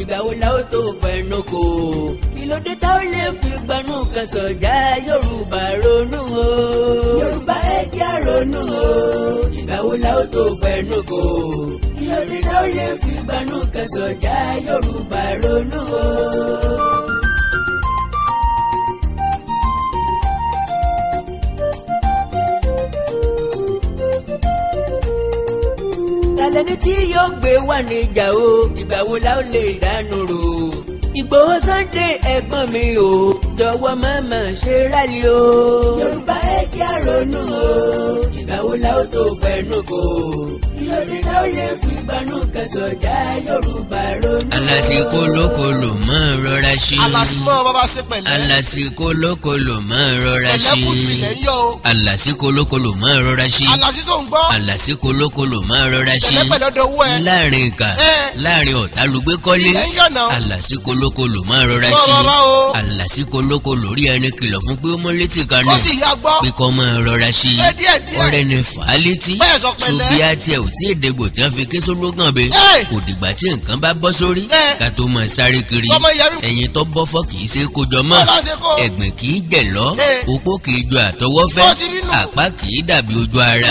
ìgbà wo la ó tó fẹnu kò. kí ló dé tá ó lè fi gbanú kan sọ̀jà yorùbá ronú o. yorùbá ẹ jẹ́ àrònú o. ìgbà wo la ó tó fẹnu kò. kí tá ó lè fi gbanú kan sọ̀jà yorùbá ronú o. yóò gbé wà níjà o ìgbà wo la ó lè dánú rò Ìgbòho Sunday ẹ̀gbọ́n mi o jọ̀wọ́ màmá ṣe rálẹ̀ o. Yorùbá ẹ jẹ́ àrònú o ìgbà wo la ó tó fẹnu kò ìlòdìdá ó lè fi gbanú kẹsọ̀dá yorùbá ronú. alásìkò lókòlò máa rọra ṣe. alásìmọ́ bàbá ṣe pẹ̀lẹ́. alásìkò lókòlò máa rọra ṣe. ẹlẹ́kùtù ilẹ̀ ń yọ o. alásìkò lókòlò máa rọra ṣe. alásìsò ń gbọ́. alásìkò lókòlò máa rọra ṣe. láàrin ìkà láàrin ọ̀tá lùgbé kọ́lé. ilẹ̀ ń yọ̀ rọra ṣe. alásìkò lókòlò rí ẹni kìlọ̀ fún pé ó mọ létí kan pé kọ́ máa rọra ṣe. ọ̀rẹ́ ni fàá bí á tiẹ̀ ò tí èdègbò tí wọ́n fi ké sólógàn be kò dìgbà tí nǹkan bá bọ́ sórí ká tó máa sáré kiri ẹ̀yin tó bọ́ fọ́ kì í ṣe kójọ mọ́ ẹ̀gbìn kì í jẹ̀ lọ òpó kì í ju àtọwọ́ fẹ́ àpá kì í dàbí ojú ara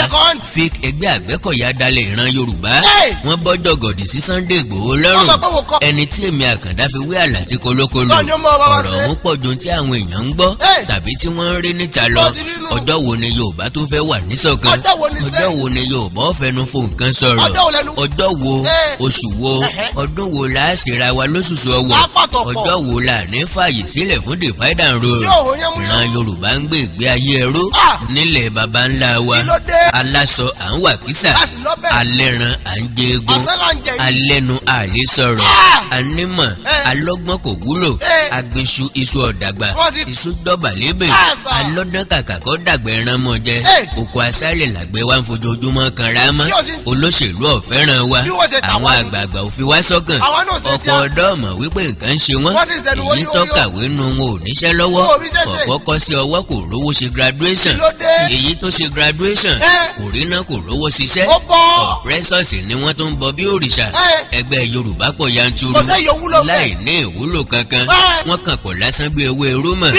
fake ẹgbẹ́ àgbẹ́kọ̀yà dalẹ̀ ìran Yorùbá wọ́n bọ́ jọ̀gọ̀dì sí Sunday Ìgbòho lọ́rùn ẹni tí èmi Àkàndá fi wé àlàsí kolókolo kolokolo, ọ̀hún pọ̀ ju ti àwọn èèyàn ń gbọ́ tàbí tí wọ́n ń rí níta lọ ni Yorùbá tó fẹ́ wà níṣọ̀kan ọjọ́ wo ni nǹkan sọ̀rọ̀ ọjọ́ wo oṣù wo ọdún wo la ṣèrà wa lóṣooṣù ọwọ́ ọjọ́ wo la ní fàyè sílẹ̀ fún divide and rule ìran Yorùbá ń gbé ìgbé ayé ẹrú nílẹ̀ baba ńlá wa aláṣọ à ń wà kísà alẹ́ran à ń jẹ egun alẹ́nu àlè sọ̀rọ̀ anímọ̀ alọ́gbọ́n kò wúlò agbésù iṣu ọ̀dàgbà iṣu dọ́bà lébè alọ́dán kàkà kọ́ dàgbẹ́ ẹran òkú aṣálẹ̀ làgbẹ́ wa ń fojoojúmọ́ kanra mọ́ olóṣèlú ọ̀fẹ́ràn wa àwọn àgbààgbà ò fi sọ́kàn ọ̀pọ̀ ọ̀dọ́ ọ̀mọ̀ wípé nǹkan ṣe wọ́n èyí tọ́kàwé nu wọn ò níṣẹ́ lọ́wọ́ ọ̀pọ̀ kọ́ sí ọwọ́ kò rówó ṣe graduation èyí tó ṣe graduation kò rí náà kò rówó ṣiṣẹ́ ọ̀pẹ́sọ̀sì ni wọ́n tó bọ bí òrìṣà ẹgbẹ́ Yorùbá pọ̀ yanturu láì ní ìwúlò kankan wọ́n kàn pọ̀ lásán bí ewé rómọ̀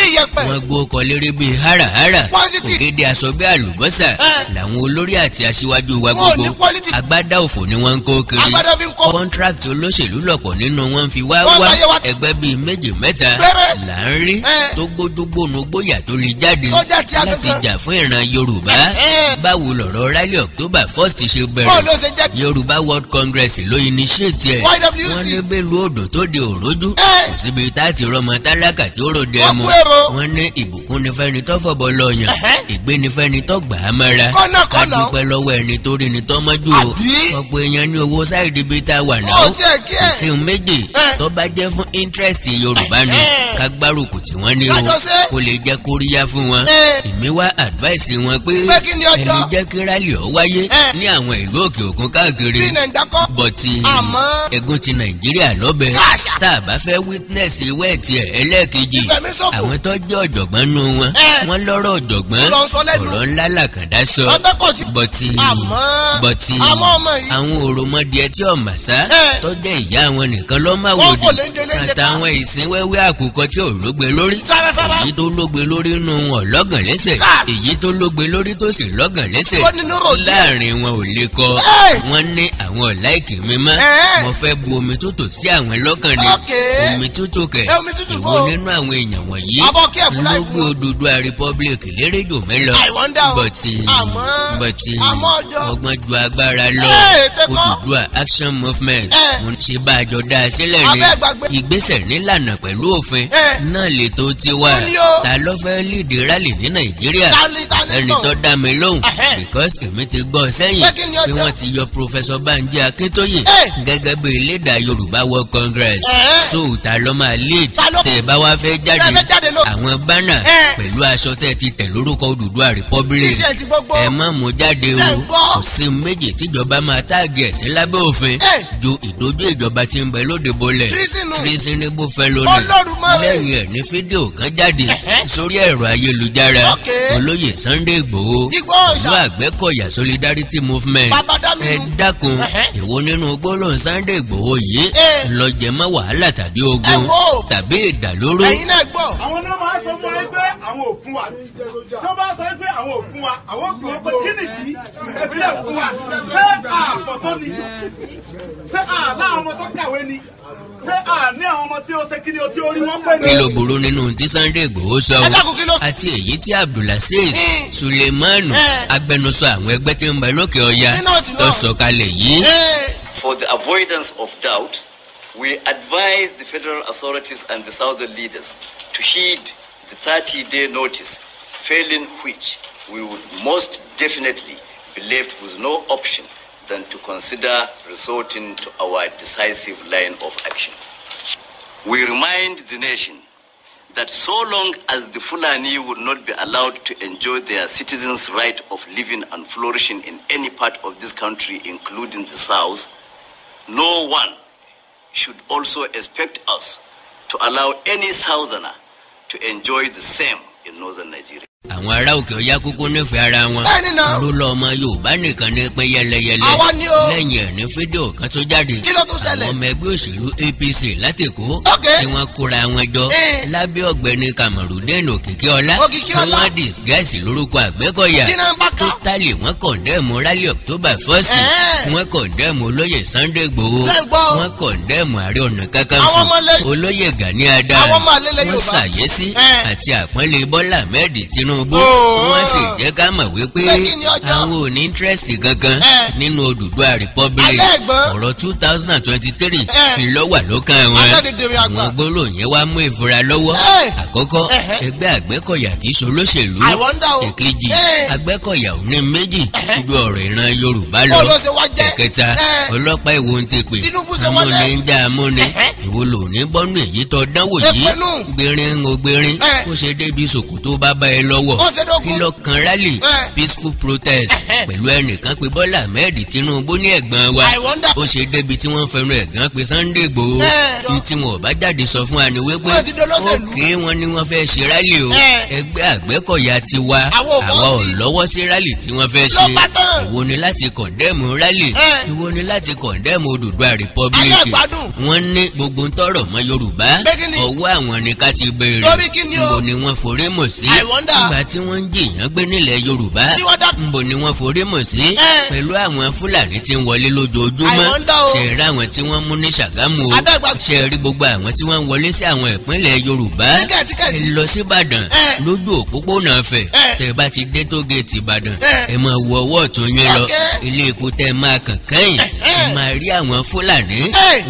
wọ́n gbó ọkọ̀ léré bíi háràhárà ògèdè aṣọ bí àlùbọ́sà làwọn olórí àti aṣíwájú wa gbogbo agbádá òfò ni wọ́n ń kó kiri kọ́ńtrákì olóṣèlú lọ́pọ̀ nínú wọn fi wá wá ẹgbẹ́ bíi méjì mẹ́ta là ń rí tó gbójúgbónú gbóyà tó lè jáde láti jà fún ìran Yorùbá báwo lọ̀rọ̀ rally October first st ṣe bẹ̀rẹ̀ Yorùbá World Congress ló initiate ẹ̀ wọ́n ní bẹ́ẹ̀ lu odò tó de òrójú kò síbi tá ti rọmọ tálákà tí ó ròde ẹmu wọn ní ìbùkún ni fẹ́ni tó fọ̀bọ̀ lọ́yàn ìgbé ni fẹ́ni tó gbà á mọ́ra ká dúpẹ́ lọ́wọ́ ẹni tó rí ni tó mọ́jú o ọ̀pọ̀ èèyàn ní owó sáìdì bíi tá wà náà ìsìn méjì tó bá jẹ́ fún interest yorùbá ni ká gbárùkù tí wọ́n ní o kó lè jẹ́ kóríyá fún wọn èmi wá advice wọn pé ẹni jẹ́ kí rálì ọ̀ wáyé ní àwọn ìlú òkè òkun káàkiri bọ̀tì ègún ti nàìjíríà lọ́bẹ̀ tá a bá fẹ́ witness wẹ́ẹ̀d tiẹ̀ ẹlẹ́ẹ̀kejì àwọn tó jẹ́ ọ̀jọ̀gbọ́n nú wọn wọn lọ́rọ̀ ọ̀jọ̀gbọ́n ọ̀rọ̀ ńlá làkàndá sọ bọ́tí bọ́tí uh, uh, àwọn òròmọdìẹ tí ọ̀mà sá tó jẹ́ ìyá wọn nìkan ló máa wò ní àtàwọn ìsìn wẹ́wẹ́ àkùkọ tí ò lógbe lórí èyí tó lógbe lórí nú wọn lọ́gàn lẹ́sẹ̀ èyí tó lógbe lórí tó sì lọ́gàn lẹ́sẹ̀ láàrin wọn ò lè kọ wọn ní àwọn ọ̀láìkì mímọ́ mo fẹ́ bu omi tútù sí àwọn lọ́kàn ni omi tútù kẹ̀ omi tútù kó. ìwọ nínú àwọn èèyàn wọ̀nyí ológun òdodo a republic lérè jù mí lọ. bọ̀tì bọ̀tì eh, eh, ọgbọ́n ju agbára lọ Odùduwà action movement eh. mo ń ṣe bá àjọ dá a sílẹ̀ ní ìgbésẹ̀ nílànà pẹ̀lú òfin náà lètò tiwa ta ló fẹ́ lead rally ní Nàìjíríà sẹ́ni tó dá mi lóhùn because èmi ti gbọ́ sẹ́yìn pé wọ́n ti yọ Professor Banji Akíntóyè gẹ́gẹ́ bí ilédà Yorùbá World Congress so ta ló máa lead tẹ bá wá fẹ́ jáde àwọn bánà pẹ̀lú aṣọ tẹ ti tẹ̀ lórúkọ Odùduwà republic ẹ mọ̀ mú jáde o kò sí méjì tíjọba máa táàgì ẹ̀sìn lábẹ́ òfin ju ìdójú ìjọba ti ń bẹ lóde bolẹ̀ tírísínìbù fẹ́ lónìí lẹ́yìn ẹ̀ ní fídíò kan jáde sórí ẹ̀rọ ayélujára olóyè Sunday Igboho ìlú Àgbẹ̀kọ̀yà solidarity movement ẹ dákun ìwo nínú gbólóhùn Sunday Igboho yìí lọ jẹ mọ́ wàhálà tàbí ogun tàbí dàbí ìdàlóró. ẹ̀yin náà gbọ́. àwọn náà máa sọ fún wa pé àwọn ò fún wa tí wọ́n bá sọ pé àwọn ò fún wa àwọn ò fún wa pé kí nìdí ẹ̀bí fún wa ṣé àpọ̀tọ́ ni ṣé àlá ọmọ tó kàwé ni ṣé àní àwọn ọmọ tí ó ṣe kí ni o tí wọn pé ni. kí ló burú nínú tí Sunday Igboho sọ o àti èyí tí Abdulaziz eh. Suleimanu eh. agbẹnusọ àwọn ẹgbẹ́ tí ń bẹ lókè ọya tó sọ kalẹ̀ yìí. Eh. For the avoidance of doubt we advise the federal authorities and the southern leaders to heed the 30-day notice, failing which we would most definitely be left with no option than to consider resorting to our decisive line of action. We remind the nation that so long as the Fulani would not be allowed to enjoy their citizens' right of living and flourishing in any part of this country, including the South, no one should also expect us to allow any southerner to enjoy the same in northern Nigeria. àwọn ará òkè ọ̀yá kúkú nífẹ̀ẹ́ ara wọn ló lọ ọmọ yorùbá nìkan ní pín yẹlẹyẹlẹ lẹ́yìn ẹ̀ fídíò kan tó jáde àwọn ọmọ ẹgbẹ́ òṣèlú APC látẹ̀kọ́ tí wọ́n kóra wọn jọ eh. lábẹ́ ọ̀gbẹ́ni Kamarudeen Òkìkíọlá tí wọ́n disguise lórúkọ Àgbẹ̀kọ̀yà tó tálẹ̀ wọ́n kọ̀ndẹ́ẹ̀mù rally October 1 eh. wọ́n kọ̀ndẹ́ẹ̀mù olóyè Sunday Igboho wọ́n kọ̀ndẹ́ẹ̀mù Ààrẹ Ọ̀nà Kakanfò olóyè Gani Adams wọ́n ṣàyẹ́sí eh. àti àpọ́nlé Bọ́lá Ahmed Tinubu tinubu oh, wọ́n sì oh. jẹ́ ká mọ̀ wípé àwọn ò interest gangan eh. nínú Odùduwà republic ọ̀rọ̀ two thousand and twenty three eh. ìlọ́wà ló kan wọn àwọn gbólóhùn yẹn wá mú ìfura lọ́wọ́ eh. àkọ́kọ́ ẹgbẹ́ àgbẹ́kọ̀yà kì í ṣolóṣèlú èkejì àgbẹ́kọ̀yà ò méjì ju ọ̀rọ̀ ìran yorùbá lọ ẹ̀kẹta ọlọ́pàá ìwo ń tèpè amúni ń dá amúni ìwo lò ní bọ́nú èyí tó dánwò yìí gbérin ń gbérin ó ṣe débi ṣòkòtò bàbá ẹ lọ lọ́wọ́ kìlọ̀ kan rally peaceful protest pẹ̀lú ẹnìkan pé Bọ́lá Ahmed Tinubu ní ẹ̀gbọ́n wa ó ṣe débi tí wọ́n fẹnu ẹ̀gán pé Sunday Igboho ní tí wọn ò bá jáde sọ fún wa ni òkè wọn ni wọ́n fẹ́ ṣe rally o ẹgbẹ́ Àgbẹ̀kọ̀yà ti wa àwa ò lọ́wọ́ sí rally tí wọ́n fẹ́ ṣe ìwo ni láti condemn rally ìwo ni láti condemn Odùduwà republic wọ́n ní gbogbo ń tọrọ mọ́ Yorùbá ọwọ́ àwọn ni ká ti béèrè níbo ni wọ́n forí mọ̀ sí nígbà tí wọ́n ń jìyàn gbé nílẹ̀ Yorùbá nbò ni wọ́n forí mọ̀ sí pẹ̀lú àwọn Fúlàní tí ń wọlé lójoojúmọ́ ṣẹ̀rí àwọn tí wọ́n mú ní Ṣàgámù o ṣẹ̀rí gbogbo àwọn tí wọ́n wọlé sí àwọn ìpínlẹ̀ Yorùbá lọ sí Ìbàdàn lójú òpópónà fẹ̀ tẹ̀ bá ti dé tó géètì Ìbàdàn ẹ̀ máa wọ ọwọ́ ọ̀tún yín lọ ilé epo tẹ́ máa kàn kẹ́yìn máa rí àwọn fúlàní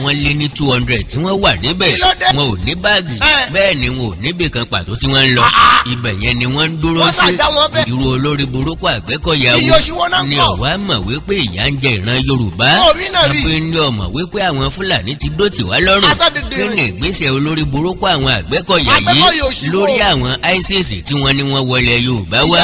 wọ́n lé ní two hundred tí wọ́n wà níbẹ̀ wọn ò ní báàgì bẹ́ẹ̀ ni wọn ò níbì kan pàtó tí wọ́n ń lọ ah, ah. ibẹ̀ yẹn ni wọ́n ń dúró sí irú olórí burúkú àgbẹ́kọ̀yàwó ni ọ̀wá mọ̀ wípé ìyá ń jẹ ìran Yorùbá àfi ni ọmọ wípé àwọn Fúlàní ti dó tiwa lọ́rùn kí ni ìgbésẹ̀ olórí burúkú àwọn àgbẹ́kọ̀yà yìí lórí àwọn ISIS tí wọ́n ní wọ́n wọlé Yorùbá wá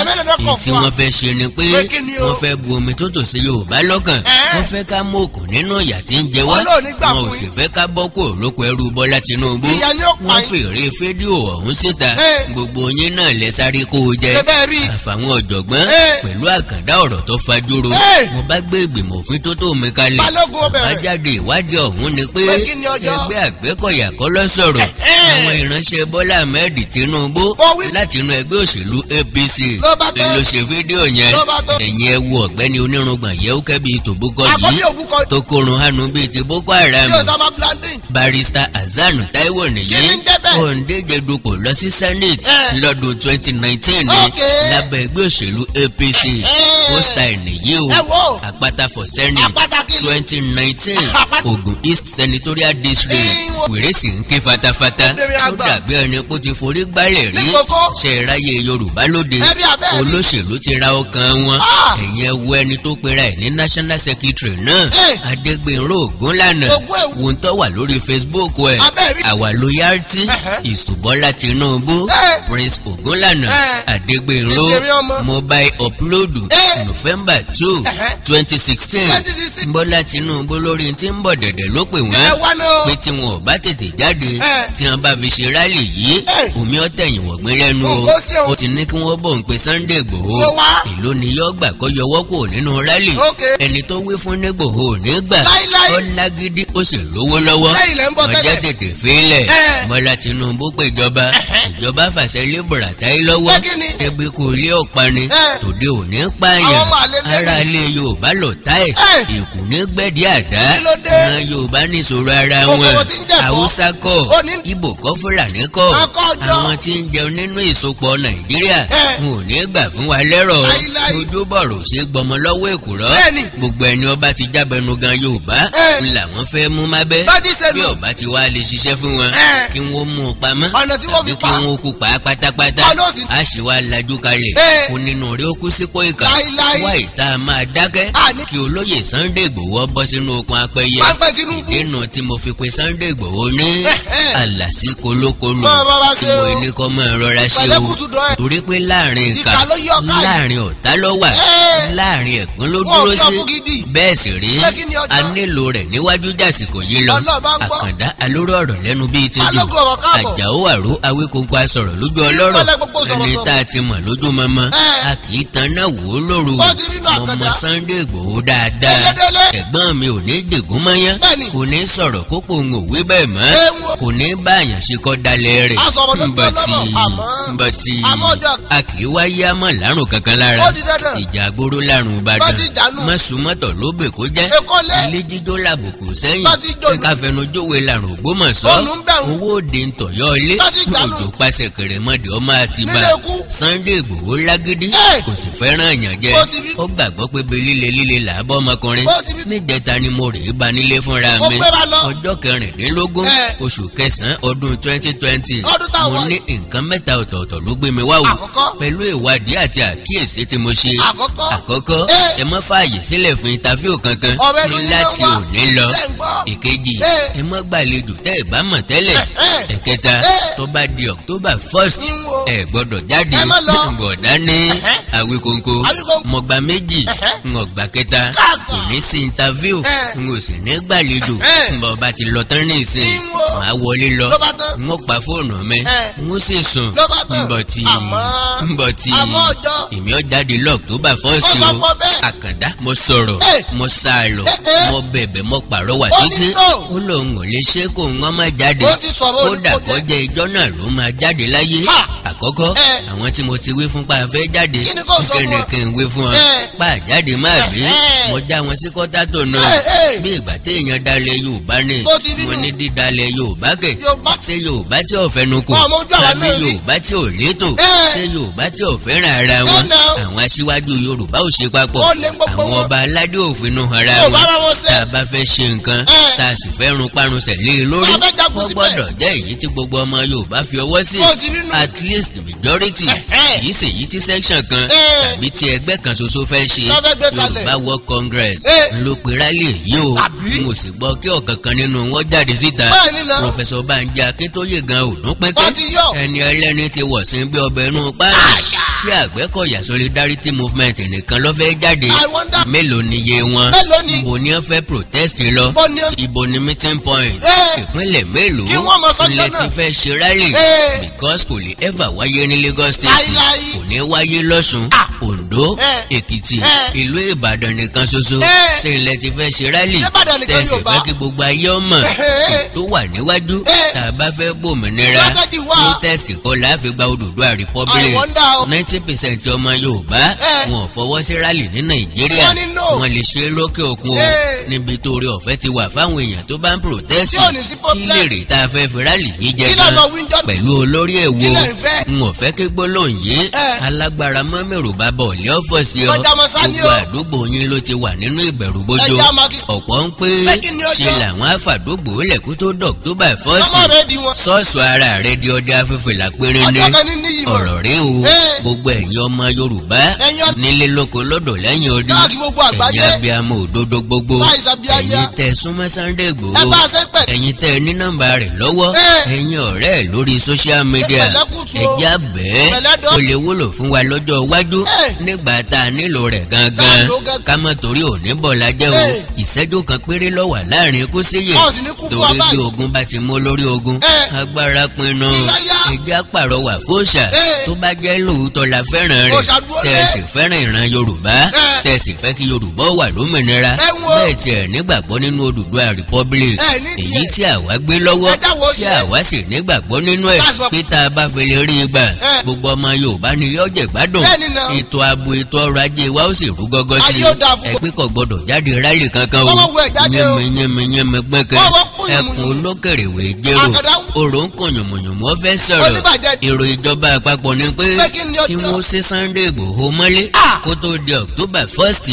tí wọ́n fẹ́ ṣe ni pé wọ́n fẹ́ bu omi tó tò sí Yorùbá lọ́kàn wọ́n fẹ́ ká mú òkun nínú ìyà tí ń jẹ wá wọn ò sì fẹ́ ká bọ́ kó lóko ẹrú Bọ́lá Tinubu wọ́n fèrè fídíò ọ̀hún síta gbogbo yín náà lẹ sáré kó o jẹ àfàwọn ọ̀jọ̀gbọ́n pẹ̀lú àkàndá ọ̀rọ̀ tó fajúro mo bá gbé ìgbìmọ̀ òfin tó tó mi kalẹ̀ àbájáde ìwádìí ọ̀hún ni pé ẹgbẹ́ àgbẹ̀kọ̀yà kọ́ lọ́sọ̀rọ̀ àwọn ìránṣẹ́ Bọ́lá Ahmed Tinubu láti inú ẹgbẹ́ òṣèlú APC ló ṣe fídíò yẹn ẹ̀yìn ẹ wo ọ̀gbẹ́ni onírùngbọ̀n yẹ́wúkẹ́ bíi tòbúkọ yìí tó korun hànú bíi ti Boko Haram barista Hassan Taiwo nìyí òǹdíje dupò lọ sí Senate lọ́dún 2019, nineteen lábẹ́ ẹgbẹ́ òṣèlú APC pósítà nìyí o àpáta for Senate 2019, nineteen Ogun East Senatorial District wèrè sì ń ké fatafata tó dàbí ẹni kó ti forí gbálẹ̀ rí ṣèràyè yorùbá lóde olóṣèlú ti ra ọkàn wọn ah! ẹ̀yẹn wo ẹni tó pera ẹ̀ ní national secretary náà eh! adégbènrò ògúnlànà wò wà lórí facebook ẹ̀ àwa loyalty ìṣùbọ́lá tinubu eh! prince ògúnlànà eh! adégbènrò mobile upload november two twenty sixteen bọ́lá tinubu lórí tí ń bọ̀ dẹ̀dẹ̀ ló pè wọ́n pé tí ò bá tètè jáde tí wọn bá fi ṣe rálì yìí omi ọ̀tẹ̀yìn wọ̀gbìn lẹ́nu o ó ti ní kí wọ́n bọ̀ ń pe Sunday Igboho èló ni yóò gbà kó yọwọ́ kò nínú rálì ẹni tó wí fún nígbòho ò ní gbà ó lágídí ó sì lówó lọ́wọ́ ọjà tètè fílẹ̀ Bọ́lá Tinubu péjọba ìjọba fàṣẹ lébùrà táyé lọ́wọ́ tẹ́bí kò rí ọ̀pá ni tòde ò ní pààyàn ara ilé Yorùbá lọ táì ìkù ní gbẹ̀dí àdá ìran Yorùbá ní ìṣòro ara wọn Haúsá kọ́ Ìgbò kọ́fúrà níkọ àwọn tí ń jẹun nínú ìsopọ̀ nàìjíríà n ò ní gbà fún wa lẹ́rọ̀ ojú bọ̀rọ̀ ṣe gbọmọ lọ́wọ́ èkùrọ́ gbogbo ẹni ọba ti jábẹnu gan yorùbá n làwọn fẹ́ mú má bẹ́ bí ọba ti wá lè ṣiṣẹ́ fún wọn kí wọ́n mú un pamọ́ àbí kí wọ́n kú pa pátápátá a sì wá lajú kalẹ̀ kó nínú orí ó kú sí kó ìkà wá ìta máa dákẹ́ kí olóyè Sunday Igboho bọ́ sínú okun apẹyẹ ìdènà tí mo fi pe Sunday Igboho ní àlàsí sí kolókolò tí mo ní kọ́ mọ́ ìrora ṣe o torí pé láàrin ìka láàrin ọ̀tá ló wà láàrin ẹ̀gbọ́n ló dúró sí bẹ́ẹ̀ sì rí a nílò rẹ̀ níwájú jàsìkò yìí lọ àkàndá alóró ọ̀rọ̀ lẹ́nu bíi ti jù àjàó àró awékòkò asọ̀rọ̀ lójú ọlọ́rọ̀ ẹni tá a ti mọ̀ lójú mọ́mọ́ a kì í tan náà wò ó lóru ọmọ Sunday Ìgbòho dáadáa ẹ̀gbọ́n mi ò ní dègún mọ́yán kò ní sọ̀rọ̀ kópò ń òwe bẹ́ẹ̀ mọ́ kò ní báyàn àṣekọ́ dalẹ̀ rẹ̀ nbàtí nbàtí a kì í wáyé àmọ́ lárùn kankan lára ìjà àgbòrò lárùn ìbàdàn mọ̀sùmọ́tò ló bè kó jẹ́ ilé jíjó làbùkù sẹ́yìn kíkà fẹnujówé lárùn ògbómọ̀ṣọ́ owó òde ń ilé òjò pàṣẹ kẹrẹmọdé ọmọ àti bá Sunday Ìgbòho lágídí kò sì fẹ́ràn àyàn jẹ ó gbàgbọ́ pé bí líle líle làbọ̀ ọmọkùnrin níjẹta ni mo rè é ba nílé fúnra mi ọjọ́ kẹrìndínlógún oṣù kẹsàn-án ọdún lọ́dún twenty twenty mo ní nǹkan mẹ́ta ọ̀tọ̀ọ̀tọ̀ ló gbé mi wá o pẹ̀lú ìwádìí àti àkíyèsí tí mo ṣe àkọ́kọ́ ẹ má fààyè sílẹ̀ fún ìtafíò kankan ní láti òní lọ ìkejì ẹ má gbàlejò tẹ́ ẹ bá mọ̀ tẹ́lẹ̀ ẹ̀kẹta tó bá di October first ẹ gbọ́dọ̀ jáde bọ̀dá ní Awíkonko mọ̀gbà méjì mọ̀gbà kẹta kò ní sí ìtafíò n ò sì ní gbàlejò bọ̀ bá ti lọ tán ní ìsìn màá wọlé lọ bá tán. mo pa fóònù mi mo sì sùn nbọtì nbọtì èmi ó jáde lọ́ọ̀tọ́bà fọ́ọ̀sì o àkàndá mo sọ̀rọ̀ mo sàlọ̀ mo bẹ̀bẹ̀ mo pàrọwà títí ó lóun ò lè ṣe kó ń ọmọ jáde ó dàkọ́jẹ́ ìjọ náà ló máa jáde láyé àkọ́kọ́ àwọn tí mo ti wí fún pa fẹ́ jáde kíni kí n wí fún ọ pa jáde má bí mo já wọn sí kọ́tà tó ṣe yorùbá tí ò fẹnu kò tàbí yorùbá tí ò létò ṣe yorùbá tí ò fẹ́ràn ara wọn àwọn aṣíwájú yorùbá ò ṣe papọ̀ àwọn ọba aládé òfin ara wọn tá a bá fẹ́ ṣe nǹkan tá a sì fẹ́ run parun sẹ̀lé e lórí wọ́n gbọ́dọ̀ jẹ́ èyí tí gbogbo ọmọ yorùbá fi ọwọ́ sí at least majority yìí sì yìí tí section kan tàbí tí ẹgbẹ́ kan ṣoṣo fẹ́ ṣe yorùbá world congress ló pe rálì yìí o mo sì gbọ́ kí ọ̀kankan nínú wọn jáde síta pọfẹsọ Bánjí Akíntóyè gan ò dún pẹ́kẹ́ ẹni ẹlẹ́ni ti wọ̀ sí bí ọbẹ̀ inú páàlì ṣé àgbẹ̀kọ̀yà solidarity movement nìkan ló fẹ́ jáde mélòó ni iye wọn ibo ni wọ́n fẹ́ protest lọ ibo ni meeting point ìpínlẹ̀ mélòó ilẹ̀ ti fẹ́ ṣe rally because kò lè ever wáyé ní Lagos State kò ní wáyé lọ́sùn ah! Ondo Èkìtì ìlú Ìbàdàn nìkan ṣoṣo ṣé ilẹ̀ ti fẹ́ ṣe rally tẹ̀sí fẹ́ kí gbogbo ayé ọmọ tó wà níwájú tá a bá fẹ́ gbòmìnira protest kọ́ la fi gba Odùduwà republic ninety percent ọmọ Yorùbá eh. wọn fọwọ́ sí rálì ní Nàìjíríà wọn lè ṣe lókè òkun o eh. níbi tó rí ọ̀fẹ́ ti wà fáwọn èèyàn tó bá ń protest kí lè rè tá a fẹ́ fi rálì yìí jẹ gan pẹ̀lú olórí ẹ̀ wo fẹ́ kí gbólóhùn yìí eh. alágbára mọ́mẹ́rù bá bọ̀ lé ọ̀fọ̀ sí ọ gbogbo àdúgbò yín ló ti wà nínú ìbẹ̀rù bójó ọ̀pọ̀ ń pé ṣe làwọn àfàdúgbò lẹ̀kú tó dọ̀któbà fọ́ọ̀sì sọ́ọ̀sù ara rẹ̀ di ọdẹ afẹ́fẹ́ làpẹ́rẹ́ ní ọ̀rọ̀ rẹ̀ o gbogbo ẹ̀yin ọmọ Yorùbá nílé lóko lọ́dọ̀ lẹ́yìn odi ẹ̀yin abiyamọ òdodo gbogbo ẹ̀yin tẹ́ súnmọ́ Sunday Igboho ẹ̀yin tẹ́ ní nọ́mbà rẹ̀ lọ́wọ́ ẹ̀yin ọ̀rẹ́ ẹ̀ lórí social media ẹ̀já bẹ́ẹ̀ ó lè wúlò fún wa lọ́jọ́ iwájú nígbà tá a nílò rẹ̀ gangan ká mọ́ torí òní bọ̀ lájẹ́ o ìṣẹ́jú kan péré ló wà láàrin kó torí bí ogun bá ti mú lórí ogun agbára pinnu ẹgbẹ́ àpàrọwà fóòṣà tó bá jẹ́ lóòótọ́ la fẹ́ràn rẹ̀ tẹ̀sí fẹ́ràn ìran yorùbá tẹ̀sí fẹ́ kí yorùbá wà lómìnira bẹ́ẹ̀ tiẹ̀ nígbàgbọ́ nínú Odùduwà republic èyí tí àwa gbé lọ́wọ́ tí àwa sì nígbàgbọ́ nínú ẹ̀ pé tá a bá fi lè rí i gbà gbogbo ọmọ yorùbá ni yóò jẹ gbádùn ètò ààbò ètò ọrọ̀ ajé wa ó sì rú gọ́gọ́ sí ẹgbẹ́ kò gbọdọ̀ jáde rálì kankan o yẹmẹ ẹkùn olókèrèwé jẹ́rò òrò ń kàn yànmọ̀yànmọ́ fẹ́ sọ sọ̀rọ̀ èrò ìjọba àpapọ̀ ni pé kí wọ́n ṣe Sunday Igboho mọ́lé kó tó di October first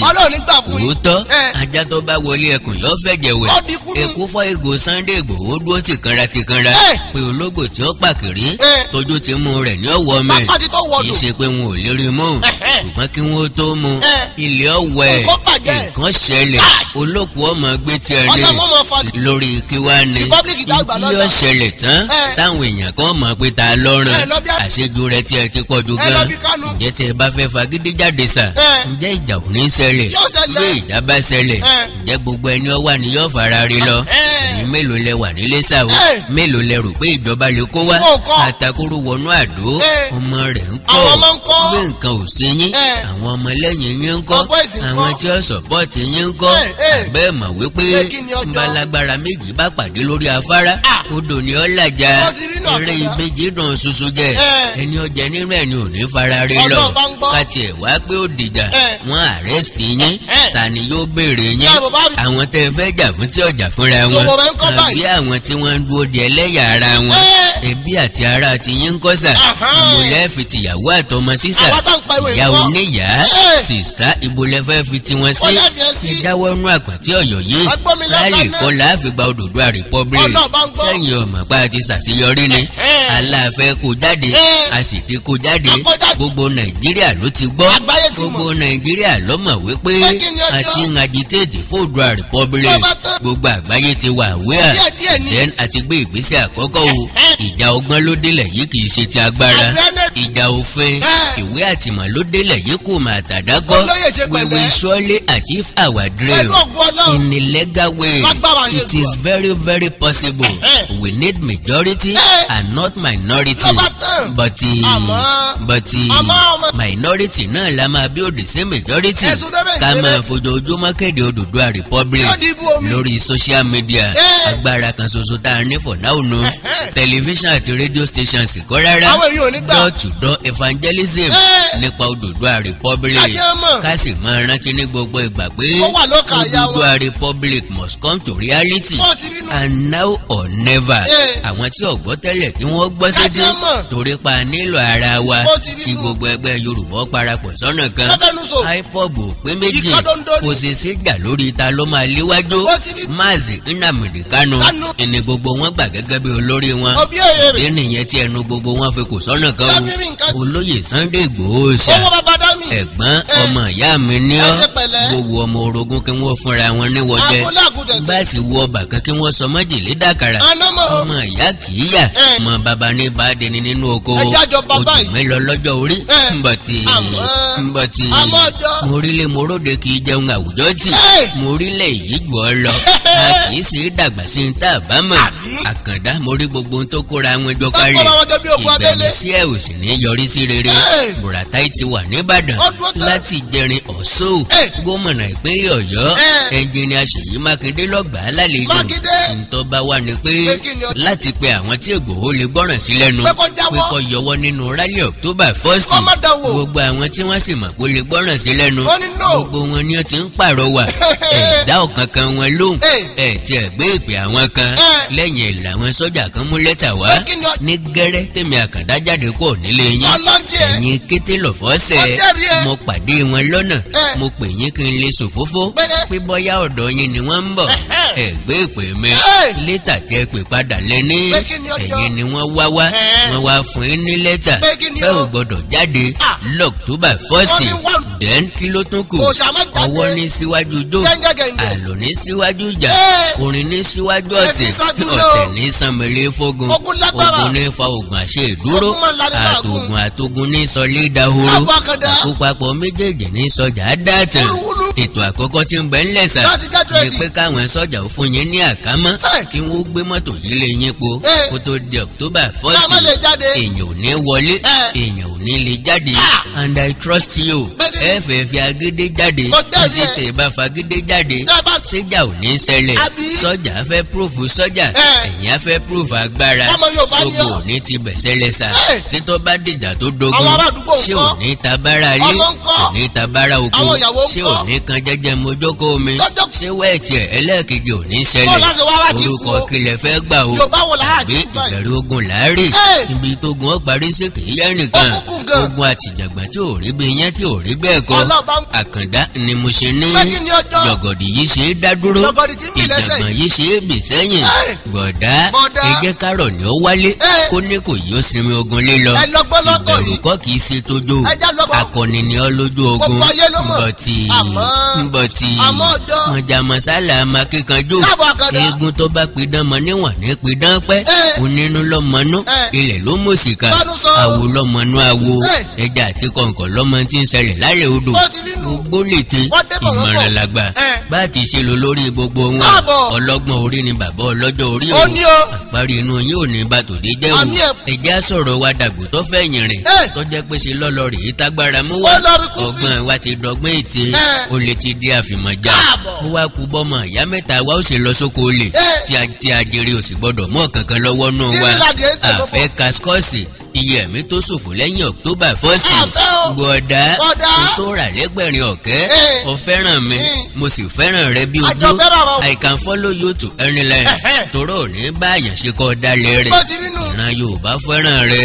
òótọ́ ajá tó bá wọlé ẹkùn yóò fẹ̀jẹ̀ wẹ̀ èkó fọ́ ìgò Sunday Igboho dúró tìkanra tìkanra pé ológbò tí ó pàkìrí tójú ti mú rẹ̀ ní ọ̀wọ́ mẹ́ kì í ṣe pé wọn ò lérí mọ́ ṣùgbọ́n kí wọ́n tó mu ilé ọ̀wẹ́ nǹkan ṣẹlẹ̀ olókùú ọmọ gbé tiẹ̀ ní lórí kí wá ní ìdí ọ̀ṣẹlẹ̀ tán táwọn èèyàn kan mọ̀ pé ta lọ́rùn àṣejù rẹ tí ẹ ti pọ̀jù gan ǹjẹ́ tí ẹ bá fẹ́ fagídí jáde sà ǹjẹ́ ìjà ò ní ṣẹlẹ̀ bí ìjà bá ṣẹlẹ̀ ǹjẹ́ gbogbo ẹni ọ wà ní yóò fara rí lọ ẹ̀yin mélòó lẹ wà nílé sàwọ́ mélòó lẹ rò pé ìjọba lè kó wá àtàkùrù wọnú àdó ọmọ rẹ̀ ń kọ́ gbé nǹkan ò sí yín àwọn ọmọlẹ́yìn yín ń kọ́ àwọn tí ó sọ̀pọ̀tì yín ń kọ́ àbẹ́ mọ̀ wípé ńbalagbára méjì bá pàdé lórí afárá odò ni ó làjà eré ìbejì dùn ṣoṣo jẹ ẹni ọjà nínú ẹni ò ní fara rí lọ káti ẹ̀ wá pé ó dìjà wọn àrẹ́sì yín ta ni yóò béèrè yín àwọn tẹ́ ẹ jà fún tí ọjà fúnra wọn àbí àwọn tí wọ́n ń dúró di ẹlẹ́yà ara wọn ẹbí àti ara ti yín ń kọ́sà fi tìyàwó àtọmọ sísà ìyá oníyà sìstá ìbọ̀lẹ́ fẹ́ fi tiwọn sí ìdáwọ́nú àpàtì ọ̀yọ́ yìí láyé kọ́ láàfin gba òdòdó àrèpọ́bìrì sẹ́yìn ọmọ pa ti ṣàṣeyọrí n ni eh. aláfẹ́ kó jáde eh. a sì ti kó jáde gbogbo nàìjíríà ló ti gbọ́ gbogbo nàìjíríà ló mọ̀ wípé a ti ń agitate fòdùà republic gbogbo àgbáyé ti wà wíà then a ti gbé ìgbésẹ̀ àkọ́kọ́ o eh, ìjà ọgbọ́n ló délẹ̀ yìí kì í ṣe ti agbára ìjà òfin eh. ìwé àtìmọ̀ ló kò mà tàdágọ́ wíwí surely achieve our dream in a legal way it is very very possible eh. we need majority eh. and not minority but but minority náà la máa bí òdì sí majority ká máa fojoojúmọ́ kéde Odùduwà republic lórí social media agbára kan ṣoṣo tá a ní for now nu tẹlifíṣàn àti radio stations kọ́ rárá dot àtùdọ́ evangelism eh. nípa Odùduwà republic ká sì máa rántí ní gbogbo ìgbà pé Odùduwà republic must come to reality and now or never eh. àwọn tí ò gbọ́ tẹ́lẹ̀ kí wọ́n gbọ́ sétí torí pa nílò ara wa kí gbogbo ẹgbẹ́ Yorùbá parapọ̀ sọ́nà kan IPOB òpin méjì kò sì sí ìjà lórí ta ló máa léwájú Mazi Nnamdi Kanu ẹni gbogbo wọn gbà gẹ́gẹ́ bí olórí wọn ìdí nìyẹn tí ẹnu gbogbo wọn fi kò sọ́nà kan o olóyè Sunday Igboho ṣá ẹ̀gbọ́n ọmọ ìyá mi ní ọ́ gbogbo ọmọ orogún kí wọ́n fúnra wọn níwọ̀ jẹ́ báàsì wọ bàkan kí wọ́n sọ mọ́jèlé dàkàrà ọmọ ìyá kìí yà ọmọ bàbá ní báde ni nínú oko ojú mi lọ lọ́jọ́ orí mbọ̀tì mbọ̀tì mo rílé mo róde kì í jẹun àwùjọ tì mo rílé èyí jù ọ lọ a kì í sì í dàgbà sí tá a bá mọ̀ àkàndá mo rí gbogbo ohun tó kóra wọn jọ kárí ìbẹ̀rẹ̀ sí ẹ̀ òsì n ní yọrí sí rere buratai ti wà nìbàdàn láti jẹrin ọ̀ṣọ́ gómìnà ìpínlẹ̀ ọ̀yọ́ ẹnjìnìà ṣèyí mákindé lọ́gbàá lálejò ntọ́ba wà ní pé láti pe àwọn tí ègbòho lè gbọ́ràn sí lẹ́nu pé kó yọwọ́ nínú rally october first gbogbo àwọn tí wọ́n sì mọ̀ kó lè gbọ́ràn sí lẹ́nu gbogbo wọn ni ó ti ń pàrọwà ẹ̀dá ọ̀kan kan wọn lóhùn ẹ̀ tí ẹ̀ gbé ìpè àwọn kan lẹ́yìn làwọn sọ́jà kan mú lẹ́tà wá ní gẹ́rẹ́ tèmi àkàndá jáde kò ní ilé yín ẹ̀yin kété lọ̀fọ́sẹ̀ mo pàdé wọn lọ́nà mo pè yín kí n lè sùn pé bọ́yá ọ̀dọ̀ yín ni wọ́n ń bọ̀ ẹ gbé ìpè mi lẹ́tà tẹ́ pè padà lẹ́ni ẹ̀yin ni wọ́n wá wá wọ́n wá fún yín ní lẹ́tà bẹ́ẹ̀ ò gbọ́dọ̀ jáde ah. lọ́ọ̀túbà fọ́ọ̀sì then kí ló tún kù ọwọ́ ní síwájú jó àlò ní síwájú orin ní síwájú ọ̀tẹ̀ ọ̀tẹ̀ ní sanmẹlẹ fógun ogun ní fa ogun àṣẹ ìdúró àtògùn àtògùn ní sọlẹ dahoro àkópapọ̀ méjèèjì ní sọjà dátàn ètò àkọ́kọ́ tí ń bẹ ńlẹ̀ sà ni pé káwọn sọ́jà ò fún yín ní àkámọ́ kí wọ́n gbé mọ́tò yìí lé yín po kó tó di October fọ́ọ̀tì èèyàn ò ní wọlé èèyàn ò ní lè jáde and I trust you bẹ́ẹ̀ fẹ́ fi agídé jáde kò sí tẹ̀ bá fagídé jáde ṣẹ́jà ò ní ṣẹlẹ̀ sọ́jà fẹ́ púrófù sọ́jà ẹ̀yìn á fẹ́ púrófù agbára ṣògbò ò ní ti bẹ̀ ṣẹlẹ̀ sà ṣètò bá dìjà tó dogun ṣé ò ní ta bára ilé ò ní ta bára oko ṣé ò ní kan jẹ́jẹ́ mojoko mi ṣé wẹ́ẹ̀tì ẹlẹ́ẹ̀kejì ò ní ṣẹlẹ̀ orúkọ kílẹ̀ fẹ́ gbà o àbí ìbẹ̀rù ogun láàárẹ̀ ibi tógun ọ̀ parí sí kìí yẹn nìkan ogun àtìjàgbà tí ò rí bí yẹn tí ò rí bẹ́ẹ̀ bẹ́ẹ̀ kọ́ àkàndá ni mo ṣe ní jọ̀gọ̀dì yìí ṣe é dá dúró ìjàgbọ̀n yìí ṣe é bì sẹ́yìn bọ̀dá ẹjẹ́ kárọ̀ ni ó wálé kó ní kò yóò sinmi ogun lílọ ṣùgbọ́n kọ́ kì í ṣe tójó akọni ni ọ lójú ogun mbọ̀tì mbọ̀tì mọ̀jàmọ̀sálà makíkanjú eegun tó bá pidán mọ níwọ̀n ní pidán pẹ́ onínú lọ́mọnú ilẹ̀ ló mọ̀ síkà àwo lọ́mọnú àwo ẹja àti kọ̀ǹkọ̀ lọ́mọ tí ń ṣẹlẹ̀ lálẹ́ lókè odò ògbó lète ìmọ̀ràn làgbà bá a ti ṣe lò lórí gbogbo wọn ọlọ́gbọ́n orí ni bàbá ọlọ́jọ́ orí o àparí inú yín ò ní bàtò dé jẹ́ o ẹ̀jẹ̀ á sọ̀rọ̀ wa dàgbò tó fẹ́ yìn rìn tó jẹ́ pé ṣe lọ́lọ́ rèé tágbára mú wa ọgbọ́n wa ti dọ́gbọ́n ète o lè ti di àfìmọ̀já ó wá kú bọ́mọ ìyá mẹ́ta wa ó sì lọ sóko olè tí a ò sì gbọ́dọ̀ mọ́ kankan lọ́wọ́ nù wa àfẹ́ kaskọ́ọ̀sì iye ẹ̀mí tó ṣòfò lẹ́yìn october first gbọ̀dá tó rà lẹ́gbẹ̀rin ọ̀kẹ́ o fẹ́ràn mi mo sì fẹ́ràn rẹ bí ojú i can follow you to any line tọrọ ò ní bá àyàn ṣe kọ́ dalẹ̀ rẹ̀ ìran yorùbá fẹ́ràn rẹ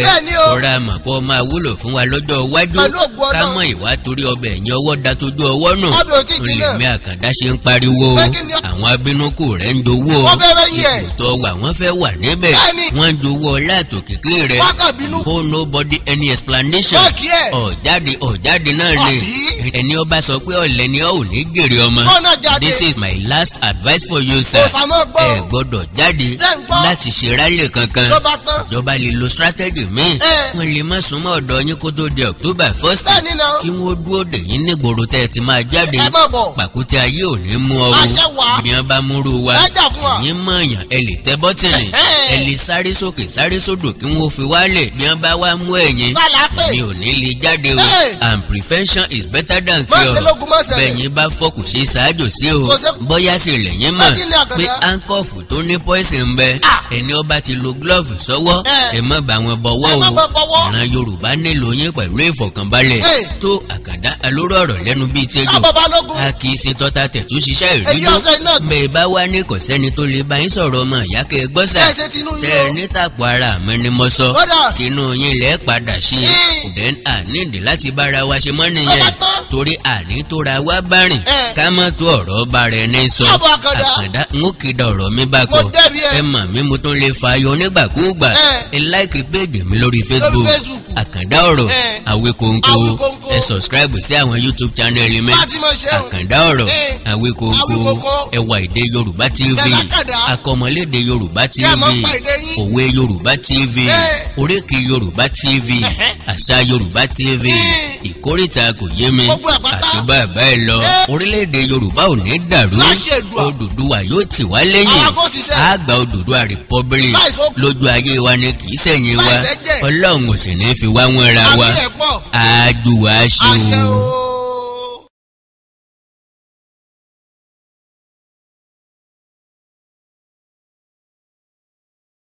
ọ̀rọ̀ àmọ̀pọ̀ máa wúlò fún wa lọ́jọ́ iwájú ká mọ̀ ìwà torí ọbẹ̀ ẹ̀yìn ọwọ́ da tójú ọwọ́ nù olèmí àkàndá ṣe ń pariwo àwọn abínúkù rẹ̀ ń dowó ipò tó wà wọ́n fẹ́ wà níbẹ̀ wọ́n dowó ọlá àtòkèké rẹ̀ owe nobody any explanation ọ̀jáde ọ̀jáde náà ni ẹni ó bá sọ pé ọ̀lẹ ni ọ̀ ní gèrè ọmọ this is my last advice for you sir ẹ gbọ́dọ̀ jáde láti ṣe rálẹ̀ kankan ìjọba lè lo strategy míì wọ́n lè má súnmọ́ ọ̀dọ̀ yín kó tó di October first kí wọ́n dúró dè yín nígboro tẹ́ ẹ ti máa jáde pàkúté ayé ò ní mú ọ wo ìyẹn bá múrú wa ìyẹn mọ̀ọ́yàn ẹ lè tẹ bọ́tìnì ẹ lè sáré sókè sáré sódò kí wọ́n fi wálẹ̀ bí téèyàn bá wá mú ẹ̀yìn ni ò ní lè jáde o and prevention is better than cure bẹ́yìn bá fọ́ kò ṣe ṣáájò sí o bóyá sì lẹ́yìn mọ̀ pé ankọ́fù tó ní poison ń bẹ ah. ẹni ọba ti lo glove sọ́wọ́ ẹ má bá wọn bọwọ́ o ìran Yorùbá nílò yín pẹ̀lú ìfọ̀kànbalẹ̀ tó àkàndá alóró ọ̀rọ̀ lẹ́nu bíi tẹ́jọ́ ah, a kì í ṣe tọ́ta tẹ̀tú ṣiṣẹ́ ìrújú bẹ́ẹ̀ bá wá ní kọ̀sẹ́ni tó lè bá yín sọ̀rọ̀ ọmọ ìyá kẹ́ tẹ̀ ní tàpọ̀ ara mi ni mo sọ tinú nínú yín ilẹ̀ padà sí i then eh. àníìdí láti bára wa ṣe mọ́ nìyẹn torí àní tó ra wá bá rìn eh. ká má tó ọ̀rọ̀ bá rẹ̀ ní sọ àkàndá ń kéde ọ̀rọ̀ mi bá kọ ẹ mọ̀ mí mo tún lè fààyò nígbàkúùgbà eh. ẹ láìkí péèjì mi lórí Facebook àkàndá ọ̀rọ̀ àwíkóńkó ẹ sọ̀sìkírábù sí àwọn youtube channel mi àkàndá ọ̀rọ̀ eh, àwíkókó ẹwà èdè yorùbá tv àkọmọlédè yorùbá tv òwe yorùbá tv eh. oríkì yorùbá tv àṣà yorùbá tv eh. ìkórìtà kò yé mi àti bàbá ẹ lọ orílẹ̀-èdè yorùbá ò ní dàrú Odùduwà yóò tì wá lẹ́yìn àgbà wa republic lójú ayé wa ni kì í sẹ̀yìn wa ọlọ́run ò sì ní fi wá wọn ra wa àjùwà aṣẹ́ o.